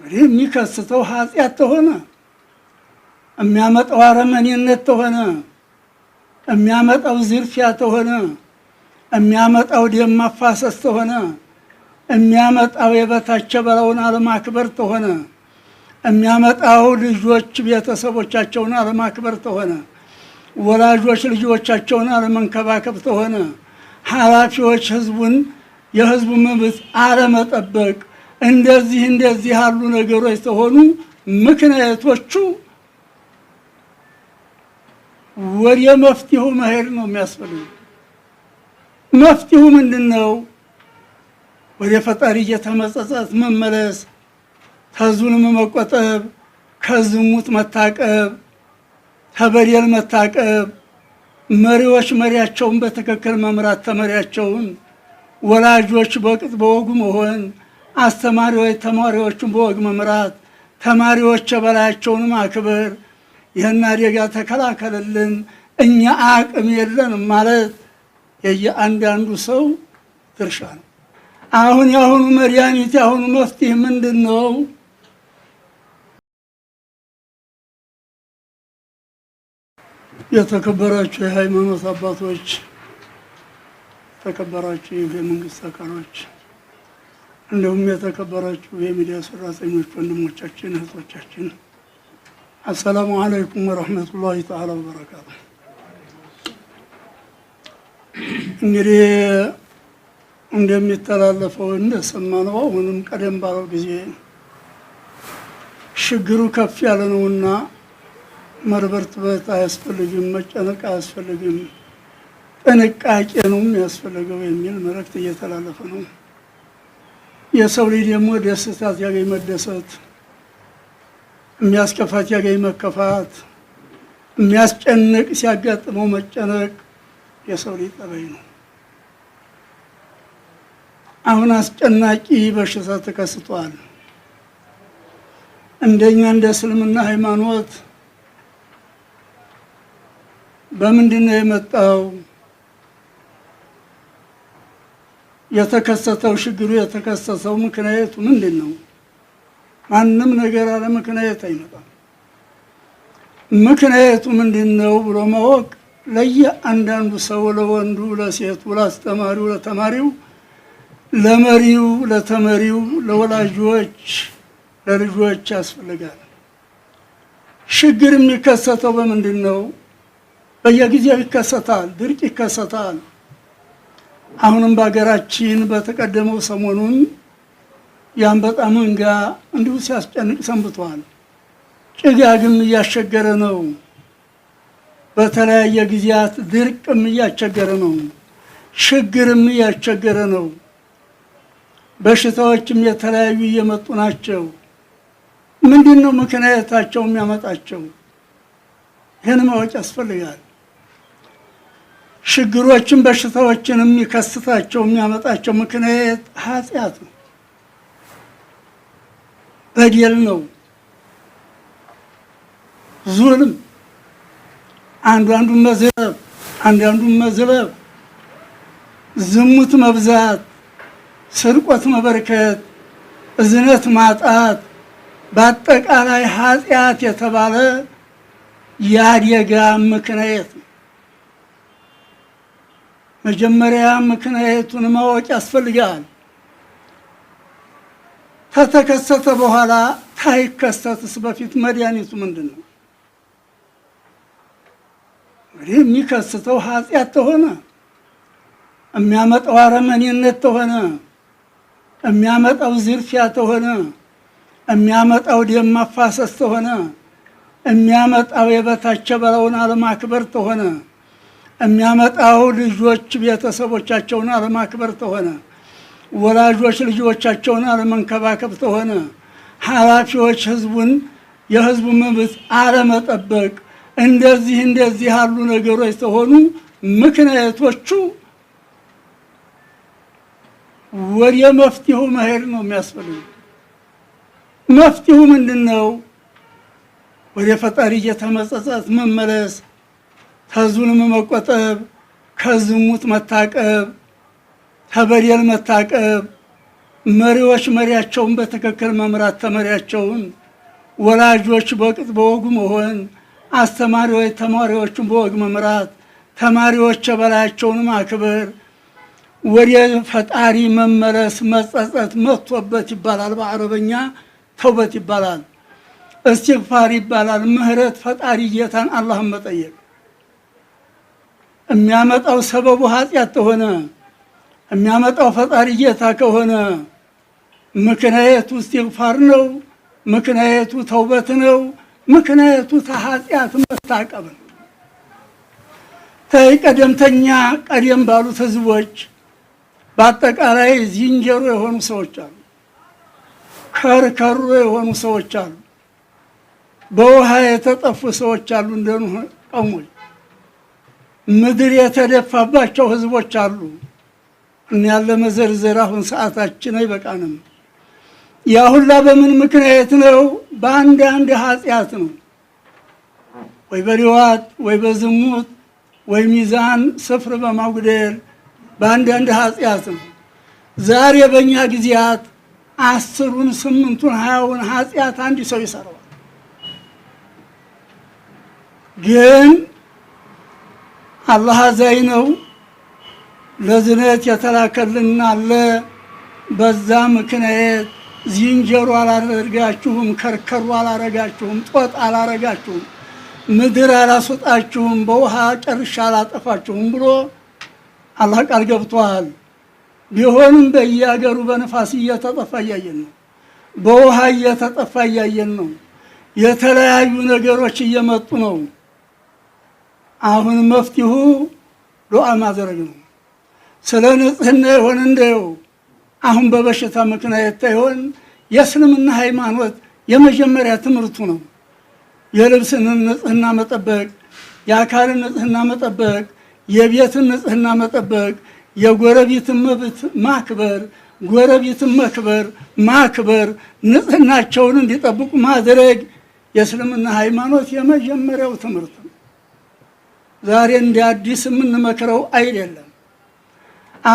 እንግዲህ የሚከስተው ኃጢአት ተሆነ የሚያመጣው አረመኔነት ተሆነ የሚያመጣው ዝርፊያ ተሆነ የሚያመጣው ደም ማፋሰስ ተሆነ የሚያመጣው የበታች የበላውን አለማክበር ተሆነ የሚያመጣው ልጆች ቤተሰቦቻቸውን አለማክበር ተሆነ ወላጆች ልጆቻቸውን አለመንከባከብ ተሆነ ኃላፊዎች ህዝቡን የህዝቡ መብት አለመጠበቅ እንደዚህ እንደዚህ ያሉ ነገሮች ተሆኑ ምክንያቶቹ ወደ መፍትሄው መሄድ ነው የሚያስፈልገው። መፍትሄው ምንድን ነው? ወደ ፈጣሪ እየተመጸጸት መመለስ፣ ከዙልም መቆጠብ፣ ከዝሙት መታቀብ፣ ተበደል መታቀብ፣ መሪዎች መሪያቸውን በትክክል መምራት፣ ተመሪያቸውን ወላጆች በቅጥ በወጉ መሆን አስተማሪዎች ተማሪዎችን በወግ መምራት፣ ተማሪዎች የበላያቸውን ማክበር፣ ይህን አደጋ ተከላከልልን እኛ አቅም የለንም ማለት የየአንዳንዱ ሰው ድርሻ ነው። አሁን የአሁኑ መድኃኒት የአሁኑ መፍትሄ ምንድን ነው? የተከበራችሁ የሃይማኖት አባቶች፣ የተከበራችሁ የመንግስት አካሎች እንዲሁም የተከበራችሁ የሚዲያ ሰራተኞች ወንድሞቻችን፣ እህቶቻችን አሰላሙ አለይኩም ወረህመቱላሂ ተዓላ ወበረካቱ። እንግዲህ እንደሚተላለፈው እንደሰማነው አሁንም ቀደም ባለው ጊዜ ችግሩ ከፍ ያለ ነውና መርበርትበት አያስፈልግም፣ መጨነቅ አያስፈልግም፣ ጥንቃቄ ነው የሚያስፈልገው የሚል መልእክት እየተላለፈ ነው። የሰው ልጅ ደግሞ ደስታ ሲያገኝ መደሰት፣ የሚያስከፋት ሲያገኝ መከፋት፣ የሚያስጨንቅ ሲያጋጥመው መጨነቅ የሰው ልጅ ጠበይ ነው። አሁን አስጨናቂ በሽታ ተከስቷል። እንደኛ እንደ እስልምና ሃይማኖት በምንድን ነው የመጣው? የተከሰተው ችግሩ የተከሰተው ምክንያቱ ምንድን ነው? ማንም ነገር አለ ምክንያት አይመጣም። ምክንያቱ ምንድን ነው ብሎ ማወቅ ለየአንዳንዱ ሰው ለወንዱ፣ ለሴቱ፣ ለአስተማሪው፣ ለተማሪው፣ ለመሪው፣ ለተመሪው፣ ለወላጆች፣ ለልጆች ያስፈልጋል። ችግር የሚከሰተው በምንድን ነው? በየጊዜው ይከሰታል። ድርቅ ይከሰታል። አሁንም በሀገራችን በተቀደመው ሰሞኑን የአንበጣ መንጋ እንዲሁ ሲያስጨንቅ ሰንብቷል። ጭጋግም እያስቸገረ ነው። በተለያየ ጊዜያት ድርቅም እያስቸገረ ነው። ችግርም እያስቸገረ ነው። በሽታዎችም የተለያዩ እየመጡ ናቸው። ምንድን ነው ምክንያታቸው የሚያመጣቸው? ይህን ማወቅ ያስፈልጋል። ችግሮችን በሽታዎችን የሚከስታቸው የሚያመጣቸው ምክንያት ኃጢአት ነው፣ በደል ነው፣ ዙልም፣ አንዱ አንዱ መዝለብ፣ አንዱ መዝለብ፣ ዝሙት መብዛት፣ ስርቆት መበርከት፣ እዝነት ማጣት፣ በአጠቃላይ ኃጢአት የተባለ የአደጋ ምክንያት ነው። መጀመሪያ ምክንያቱን ማወቅ ያስፈልጋል። ከተከሰተ በኋላ ታይከሰትስ በፊት መድኃኒቱ ምንድን ነው? እንግዲህ የሚከስተው ኃጢአት ተሆነ የሚያመጣው አረመኔነት ተሆነ የሚያመጣው ዝርፊያ ተሆነ የሚያመጣው ደም ማፋሰስ ተሆነ የሚያመጣው የበታች አለማክበር ተሆነ የሚያመጣው ልጆች ቤተሰቦቻቸውን አለማክበር ተሆነ፣ ወላጆች ልጆቻቸውን አለመንከባከብ ተሆነ፣ ኃላፊዎች ህዝቡን የህዝቡ መብት አለመጠበቅ፣ እንደዚህ እንደዚህ ያሉ ነገሮች ተሆኑ ምክንያቶቹ ወደ መፍትሄው መሄድ ነው የሚያስፈልገው። መፍትሄው ምንድን ነው? ወደ ፈጣሪ እየተመጸጸት መመለስ ህዝቡን መቆጠብ፣ ከዝሙት መታቀብ፣ ከበደል መታቀብ፣ መሪዎች መሪያቸውን በትክክል መምራት ተመሪያቸውን፣ ወላጆች በቅጥ በወጉ መሆን፣ አስተማሪዎች ተማሪዎቹን በወግ መምራት፣ ተማሪዎች የበላያቸውን ማክበር፣ ወደ ፈጣሪ መመለስ፣ መጸጸት፣ መቶበት ይባላል። በአረበኛ ተውበት ይባላል፣ እስትግፋር ይባላል። ምህረት ፈጣሪ ጌታን አላህን መጠየቅ የሚያመጣው ሰበቡ ኃጢአት ከሆነ የሚያመጣው ፈጣሪ ጌታ ከሆነ ምክንያቱ እስትግፋር ነው። ምክንያቱ ተውበት ነው። ምክንያቱ ተኃጢአት መታቀብ ነው። ተይ ቀደምተኛ ቀደም ባሉት ህዝቦች በአጠቃላይ ዝንጀሮ የሆኑ ሰዎች አሉ። ከርከሮ የሆኑ ሰዎች አሉ። በውሃ የተጠፉ ሰዎች አሉ እንደሆኑ ቀሞች ምድር የተደፋባቸው ህዝቦች አሉ። እኒያን ለመዘርዘር አሁን ሰዓታችን አይበቃንም። ያ ሁላ በምን ምክንያት ነው? በአንድ አንድ ኃጢአት ነው። ወይ በሪዋት ወይ በዝሙት ወይ ሚዛን ስፍር በማጉደል በአንዳንድ ኃጢአት ነው። ዛሬ በእኛ ጊዜያት አስሩን ስምንቱን ሀያውን ኃጢአት አንድ ሰው ይሰራዋል ግን አላህ አዛኝ ነው። ለዝነት የተላከልን አለ። በዛ ምክንያት ዝንጀሮ አላደርጋችሁም ከርከሩ አላረጋችሁም፣ ጦጥ አላረጋችሁም፣ ምድር አላስወጣችሁም፣ በውሃ ጨርሻ አላጠፋችሁም ብሎ አላህ ቃል ገብቷል። ቢሆንም በየሀገሩ በነፋስ እየተጠፋ እያየን ነው። በውሃ እየተጠፋ እያየን ነው። የተለያዩ ነገሮች እየመጡ ነው። አሁን መፍትሁ ዱዓ ማድረግ ነው። ስለ ንጽህና ይሆን እንደው አሁን በበሽታ ምክንያት ይሆን የእስልምና ሃይማኖት የመጀመሪያ ትምህርቱ ነው። የልብስን ንጽህና መጠበቅ፣ የአካልን ንጽህና መጠበቅ፣ የቤትን ንጽህና መጠበቅ፣ የጎረቤትን መብት ማክበር፣ ጎረቤትን መክበር ማክበር፣ ንጽህናቸውን እንዲጠብቁ ማድረግ የእስልምና ሃይማኖት የመጀመሪያው ትምህርት ዛሬ እንደ አዲስ የምንመክረው አይደለም።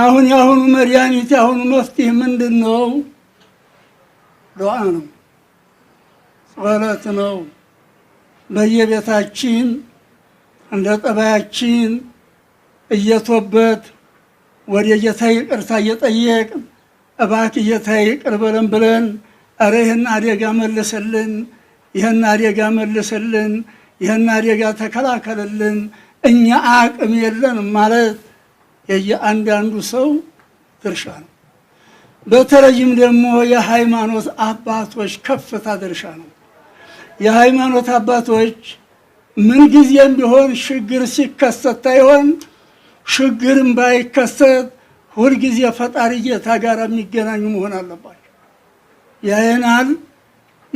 አሁን የአሁኑ መድኃኒት የአሁኑ መፍትሄ ምንድን ነው? ዱዓ ነው፣ ጸሎት ነው። በየቤታችን እንደ ጠባያችን እየቶበት ወደ ጌታዬ ይቅርታ እየጠየቅ እባክ ጌታዬ ይቅር በለን ብለን እረ ይህን አደጋ መልስልን፣ ይህን አደጋ መልስልን፣ ይህን አደጋ ተከላከልልን እኛ አቅም የለን ማለት የየአንዳንዱ ሰው ድርሻ ነው። በተለይም ደግሞ የሃይማኖት አባቶች ከፍታ ድርሻ ነው። የሃይማኖት አባቶች ምንጊዜም ቢሆን ችግር ሲከሰት አይሆን ችግርም ባይከሰት ሁልጊዜ ፈጣሪ ጌታ ጋር የሚገናኙ መሆን አለባቸው። ያየናል፣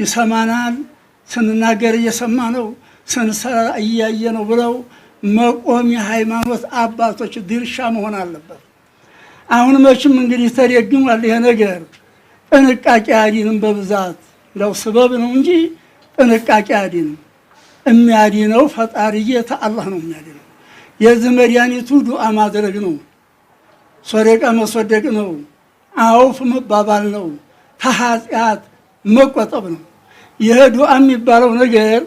ይሰማናል፣ ስንናገር እየሰማ ነው፣ ስንሰራ እያየ ነው ብለው መቆም የሃይማኖት አባቶች ድርሻ መሆን አለበት። አሁን መቼም እንግዲህ ተደግሟል ይሄ ነገር ጥንቃቄ አዲንም በብዛት ለው ስበብ ነው እንጂ ጥንቃቄ አዲንም የሚያዲነው ፈጣሪ ጌታ አላህ ነው የሚያዲነው። የዚህ መድኃኒቱ ዱዓ ማድረግ ነው፣ ሶደቃ መሶደቅ ነው፣ አውፍ መባባል ነው፣ ተሐጢአት መቆጠብ ነው። ይሄ ዱዓ የሚባለው ነገር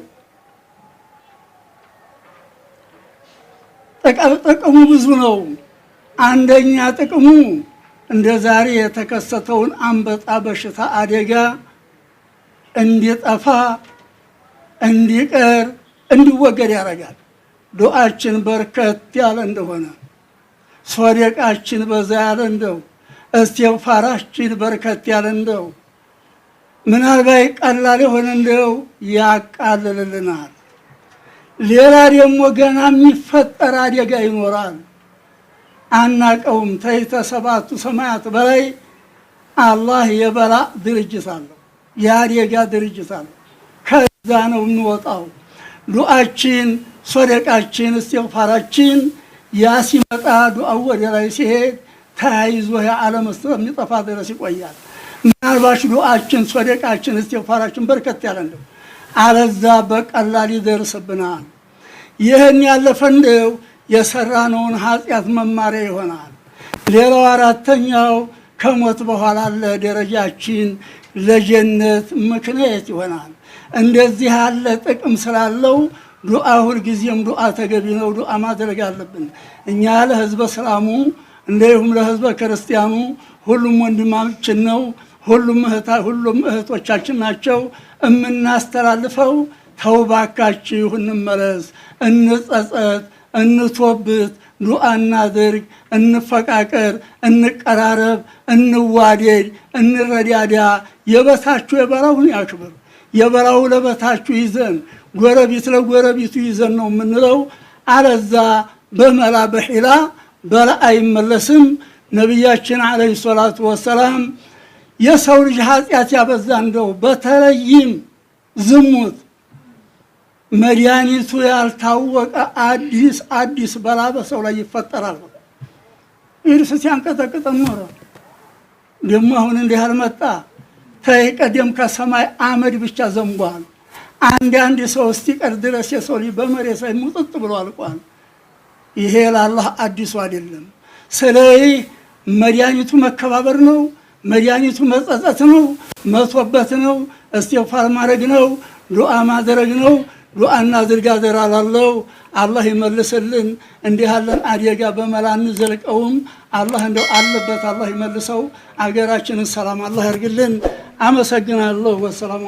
ጥቅሙ ብዙ ነው። አንደኛ ጥቅሙ እንደ ዛሬ የተከሰተውን አንበጣ በሽታ አደጋ እንዲጠፋ፣ እንዲቀር፣ እንዲወገድ ያደርጋል። ዱዓችን በርከት ያለ እንደሆነ ሶደቃችን በዛ ያለ እንደው እስቴፋራችን በርከት ያለ እንደው ምናልባት ቀላል የሆነ እንደው ያቃልልልናል። ሌላ ደግሞ ገና የሚፈጠር አደጋ ይኖራል፣ አናቀውም። ተይተ ሰባቱ ሰማያት በላይ አላህ የበላ ድርጅት አለው፣ የአደጋ ድርጅት አለው። ከዛ ነው የምንወጣው። ዱአችን፣ ሶደቃችን፣ እስትግፋራችን ያ ሲመጣ ዱአው ወደ ላይ ሲሄድ ተያይዞ የዓለም እስከሚጠፋ ድረስ ይቆያል። ምናልባሽ ዱአችን፣ ሶደቃችን፣ እስትግፋራችን በርከት ያለ አለዛ በቀላል ይደርስብናል። ይህን ያለፈ እንደው የሰራነውን ኃጢአት መማሪያ ይሆናል። ሌላው አራተኛው ከሞት በኋላ ለደረጃችን ለጀነት ምክንያት ይሆናል። እንደዚህ ያለ ጥቅም ስላለው ዱዓ ሁልጊዜም ዱዓ ተገቢ ነው። ዱዓ ማድረግ አለብን። እኛ ለህዝበ እስላሙ እንዲሁም ለህዝበ ክርስቲያኑ ሁሉም ወንድማችን ነው፣ ሁሉም እህቶቻችን ናቸው። የምናስተላልፈው ተውባካችሁ እንመለስ፣ እንጸጸት፣ እንቶብት፣ ዱአ እናድርግ፣ እንፈቃቀር፣ እንቀራረብ፣ እንዋደድ፣ እንረዳዳ። የበታችሁ የበራሁን ያክብር፣ የበራው ለበታችሁ ይዘን ጎረቤት ለጎረቤቱ ይዘን ነው የምንለው። አለዛ በመላ በሒላ በላ አይመለስም። ነቢያችን አለይሂ ሰላቱ ወሰላም የሰው ልጅ ኃጢአት ያበዛ እንደው በተለይም ዝሙት መድኃኒቱ ያልታወቀ አዲስ አዲስ በላ በሰው ላይ ይፈጠራል። ይህ ሲያንቀጠቅጠ ኖረ። ደግሞ አሁን እንዲህ አልመጣ ተይቀደም ከሰማይ አመድ ብቻ ዘንቧል። አንዳንድ ሰው እስቲቀር ድረስ የሰው ልጅ በመሬት ላይ ሙጥጥ ብሎ አልቋል። ይሄ ለአላህ አዲሱ አይደለም። ስለዚህ መድኃኒቱ መከባበር ነው። መድኃኒቱ መጸጸት ነው። መቶበት ነው። እስቴፋር ማድረግ ነው። ዱዓ ማድረግ ነው። ሉአና ዝርጋዘር ዘራላለው አላህ ይመልስልን። እንዲህ ያለን አደጋ በመላ ዘልቀውም አላህ እንደው አለበት አላህ ይመልሰው። አገራችንን ሰላም አላህ ያርግልን። አመሰግናለሁ። ወሰላሙ